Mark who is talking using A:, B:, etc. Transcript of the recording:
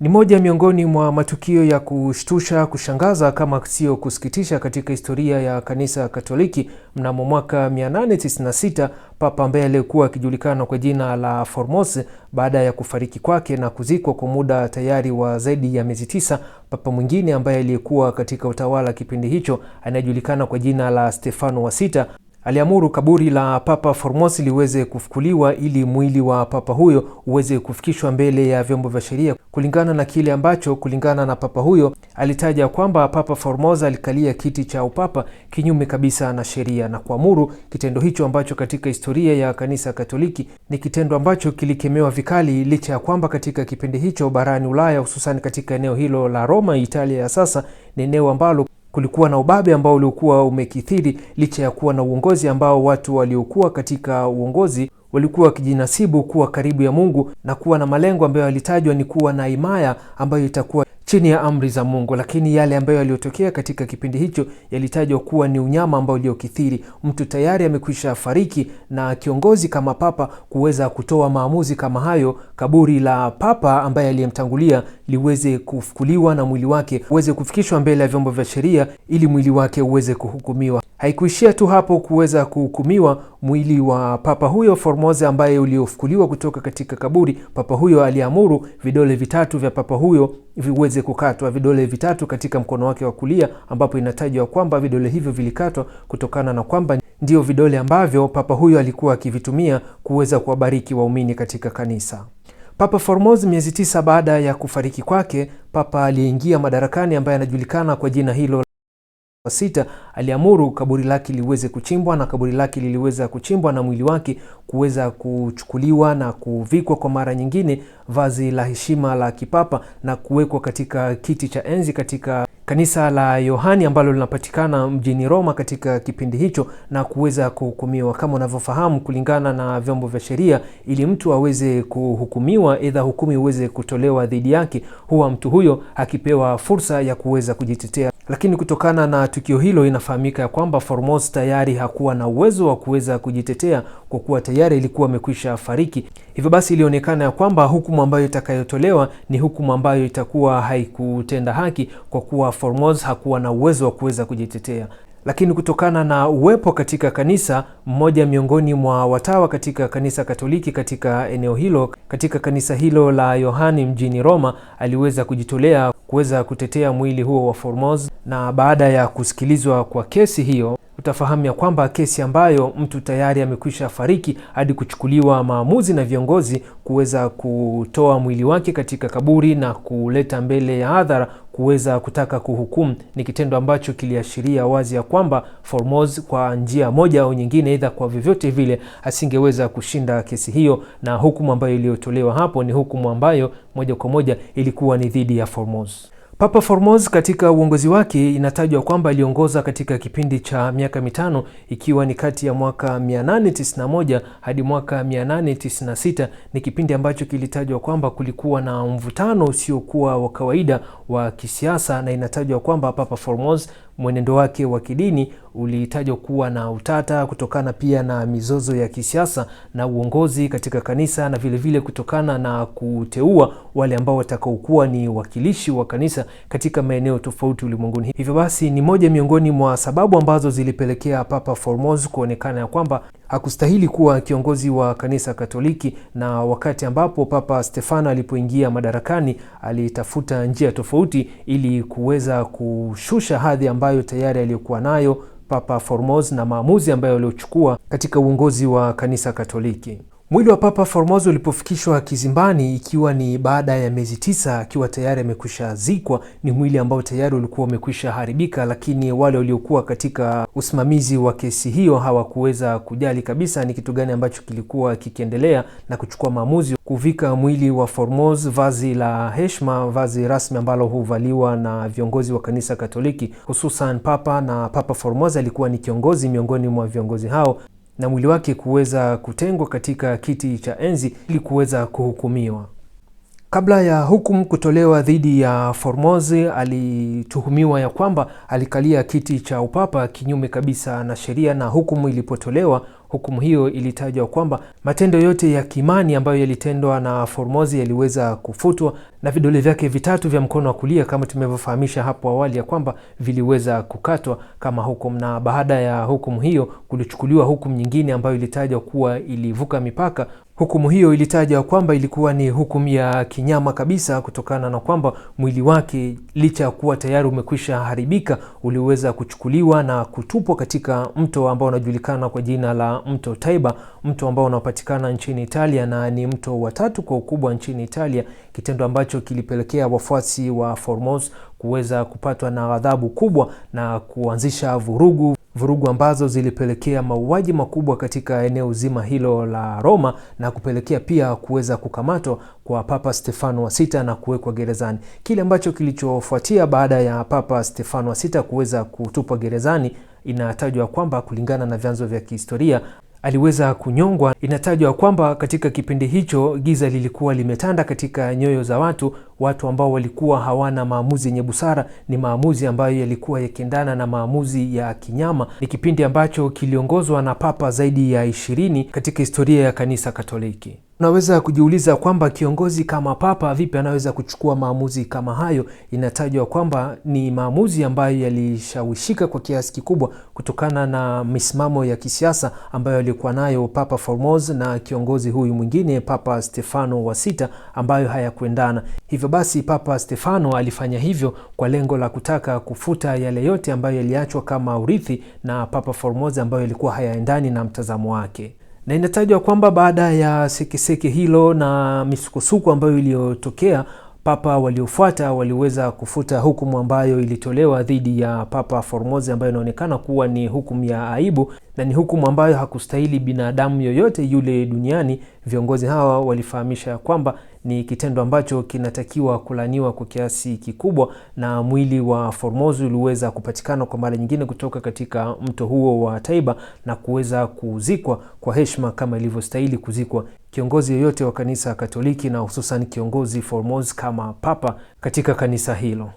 A: Ni moja miongoni mwa matukio ya kushtusha, kushangaza kama sio kusikitisha katika historia ya kanisa Katoliki. Mnamo mwaka 896 Papa ambaye aliyekuwa akijulikana kwa jina la formos baada ya kufariki kwake na kuzikwa kwa muda tayari wa zaidi ya miezi tisa, papa mwingine ambaye aliyekuwa katika utawala kipindi hicho anayejulikana kwa jina la Stefano wa Sita aliamuru kaburi la Papa Formosi liweze kufukuliwa ili mwili wa papa huyo uweze kufikishwa mbele ya vyombo vya sheria, kulingana na kile ambacho, kulingana na papa huyo, alitaja kwamba Papa Formosa alikalia kiti cha upapa kinyume kabisa na sheria, na kuamuru kitendo hicho ambacho katika historia ya Kanisa Katoliki ni kitendo ambacho kilikemewa vikali, licha ya kwamba katika kipindi hicho barani Ulaya, hususan katika eneo hilo la Roma, Italia ya sasa, ni eneo ambalo kulikuwa na ubabe ambao uliokuwa umekithiri licha ya kuwa na uongozi ambao watu waliokuwa katika uongozi walikuwa wakijinasibu kuwa karibu ya Mungu na kuwa na malengo ambayo yalitajwa ni kuwa na himaya ambayo itakuwa chini ya amri za Mungu, lakini yale ambayo yaliyotokea katika kipindi hicho yalitajwa kuwa ni unyama ambao uliokithiri. Mtu tayari amekwisha fariki, na kiongozi kama Papa kuweza kutoa maamuzi kama hayo, kaburi la Papa ambaye aliyemtangulia liweze kufukuliwa na mwili wake uweze kufikishwa mbele ya vyombo vya sheria ili mwili wake uweze kuhukumiwa. Haikuishia tu hapo kuweza kuhukumiwa mwili wa Papa huyo Formosa ambaye uliofukuliwa kutoka katika kaburi. Papa huyo aliamuru vidole vitatu vya Papa huyo viweze aweze kukatwa vidole vitatu katika mkono wake wa kulia, ambapo inatajwa kwamba vidole hivyo vilikatwa kutokana na kwamba ndio vidole ambavyo papa huyo alikuwa akivitumia kuweza kuwabariki waumini katika kanisa. Papa Formos, miezi tisa baada ya kufariki kwake, papa aliyeingia madarakani ambaye anajulikana kwa jina hilo sita aliamuru kaburi lake liweze kuchimbwa na kaburi lake liliweza kuchimbwa na mwili wake kuweza kuchukuliwa na kuvikwa kwa mara nyingine vazi la heshima la kipapa na kuwekwa katika kiti cha enzi katika kanisa la Yohani ambalo linapatikana mjini Roma katika kipindi hicho na kuweza kuhukumiwa. Kama unavyofahamu, kulingana na vyombo vya sheria, ili mtu aweze kuhukumiwa, edha hukumi uweze kutolewa dhidi yake, huwa mtu huyo akipewa fursa ya kuweza kujitetea. Lakini kutokana na tukio hilo, inafahamika ya kwamba Foremoz tayari hakuwa na uwezo wa kuweza kujitetea kwa kuwa tayari ilikuwa amekwisha fariki. Hivyo basi, ilionekana ya kwamba hukumu ambayo itakayotolewa ni hukumu ambayo itakuwa haikutenda haki kwa kuwa Foremoz hakuwa na uwezo wa kuweza kujitetea. Lakini kutokana na uwepo katika kanisa, mmoja miongoni mwa watawa katika kanisa Katoliki katika eneo hilo, katika kanisa hilo la Yohani mjini Roma, aliweza kujitolea kuweza kutetea mwili huo wa formos na baada ya kusikilizwa kwa kesi hiyo utafahamu ya kwamba kesi ambayo mtu tayari amekwisha fariki hadi kuchukuliwa maamuzi na viongozi kuweza kutoa mwili wake katika kaburi na kuleta mbele ya hadhara kuweza kutaka kuhukumu ni kitendo ambacho kiliashiria wazi ya kwamba Formos kwa njia moja au nyingine, aidha kwa vyovyote vile, asingeweza kushinda kesi hiyo, na hukumu ambayo iliyotolewa hapo ni hukumu ambayo moja kwa moja ilikuwa ni dhidi ya Formos. Papa Formos katika uongozi wake inatajwa kwamba aliongoza katika kipindi cha miaka mitano ikiwa ni kati ya mwaka 891 hadi mwaka 896. Ni kipindi ambacho kilitajwa kwamba kulikuwa na mvutano usiokuwa wa kawaida wa kisiasa, na inatajwa kwamba Papa Formos mwenendo wake wa kidini ulihitajwa kuwa na utata kutokana pia na mizozo ya kisiasa na uongozi katika kanisa na vilevile vile kutokana na kuteua wale ambao watakaokuwa ni wakilishi wa kanisa katika maeneo tofauti ulimwenguni. Hivyo basi ni moja miongoni mwa sababu ambazo zilipelekea Papa Formos kuonekana ya kwamba hakustahili kuwa kiongozi wa kanisa Katoliki, na wakati ambapo Papa Stefano alipoingia madarakani alitafuta njia tofauti ili kuweza kushusha hadhi ambayo tayari aliyokuwa nayo Papa formos na maamuzi ambayo aliochukua katika uongozi wa kanisa Katoliki. Mwili wa Papa Formoso ulipofikishwa kizimbani ikiwa ni baada ya miezi tisa akiwa tayari amekwisha zikwa, ni mwili ambao tayari ulikuwa umekwisha haribika, lakini wale waliokuwa katika usimamizi wa kesi hiyo hawakuweza kujali kabisa ni kitu gani ambacho kilikuwa kikiendelea na kuchukua maamuzi kuvika mwili wa Formoso vazi la heshima, vazi rasmi ambalo huvaliwa na viongozi wa kanisa Katoliki, hususan Papa na Papa Formoso alikuwa ni kiongozi miongoni mwa viongozi hao na mwili wake kuweza kutengwa katika kiti cha enzi ili kuweza kuhukumiwa. Kabla ya hukumu kutolewa dhidi ya Formozi, alituhumiwa ya kwamba alikalia kiti cha upapa kinyume kabisa na sheria, na hukumu ilipotolewa, hukumu hiyo ilitajwa kwamba matendo yote ya kimani ambayo yalitendwa na Formozi yaliweza kufutwa na vidole vyake vitatu vya mkono wa kulia, kama tumevyofahamisha hapo awali, ya kwamba viliweza kukatwa kama hukumu. Na baada ya hukumu hiyo, kulichukuliwa hukumu nyingine ambayo ilitajwa kuwa ilivuka mipaka Hukumu hiyo ilitaja kwamba ilikuwa ni hukumu ya kinyama kabisa, kutokana na kwamba mwili wake licha ya kuwa tayari umekwisha haribika uliweza kuchukuliwa na kutupwa katika mto ambao unajulikana kwa jina la mto Tiber, mto ambao unapatikana nchini Italia na ni mto wa tatu kwa ukubwa nchini Italia, kitendo ambacho kilipelekea wafuasi wa Formos kuweza kupatwa na ghadhabu kubwa na kuanzisha vurugu vurugu ambazo zilipelekea mauaji makubwa katika eneo zima hilo la Roma na kupelekea pia kuweza kukamatwa kwa Papa Stefano wa Sita na kuwekwa gerezani. Kile ambacho kilichofuatia baada ya Papa Stefano wa Sita kuweza kutupwa gerezani, inatajwa kwamba kulingana na vyanzo vya kihistoria aliweza kunyongwa. Inatajwa kwamba katika kipindi hicho giza lilikuwa limetanda katika nyoyo za watu, watu ambao walikuwa hawana maamuzi yenye busara, ni maamuzi ambayo yalikuwa yakiendana na maamuzi ya kinyama. Ni kipindi ambacho kiliongozwa na papa zaidi ya ishirini katika historia ya kanisa Katoliki. Unaweza kujiuliza kwamba kiongozi kama papa vipi anaweza kuchukua maamuzi kama hayo? Inatajwa kwamba ni maamuzi ambayo yalishawishika kwa kiasi kikubwa kutokana na misimamo ya kisiasa ambayo alikuwa nayo Papa Formos na kiongozi huyu mwingine Papa Stefano wa Sita, ambayo hayakuendana hivyo Hivyo basi Papa Stefano alifanya hivyo kwa lengo la kutaka kufuta yale yote ambayo yaliachwa kama urithi na Papa Formosa ambayo yalikuwa hayaendani na mtazamo wake na inatajwa kwamba baada ya sekeseke hilo na misukosuko ambayo iliyotokea, papa waliofuata waliweza kufuta hukumu ambayo ilitolewa dhidi ya Papa Formosa ambayo inaonekana kuwa ni hukumu ya aibu na ni hukumu ambayo hakustahili binadamu yoyote yule duniani. Viongozi hawa walifahamisha ya kwamba ni kitendo ambacho kinatakiwa kulaniwa kwa kiasi kikubwa, na mwili wa Formozu uliweza kupatikana kwa mara nyingine kutoka katika mto huo wa Taiba na kuweza kuzikwa kwa heshima kama ilivyostahili kuzikwa. Kiongozi yoyote wa kanisa Katoliki na hususan kiongozi Formos kama papa katika kanisa hilo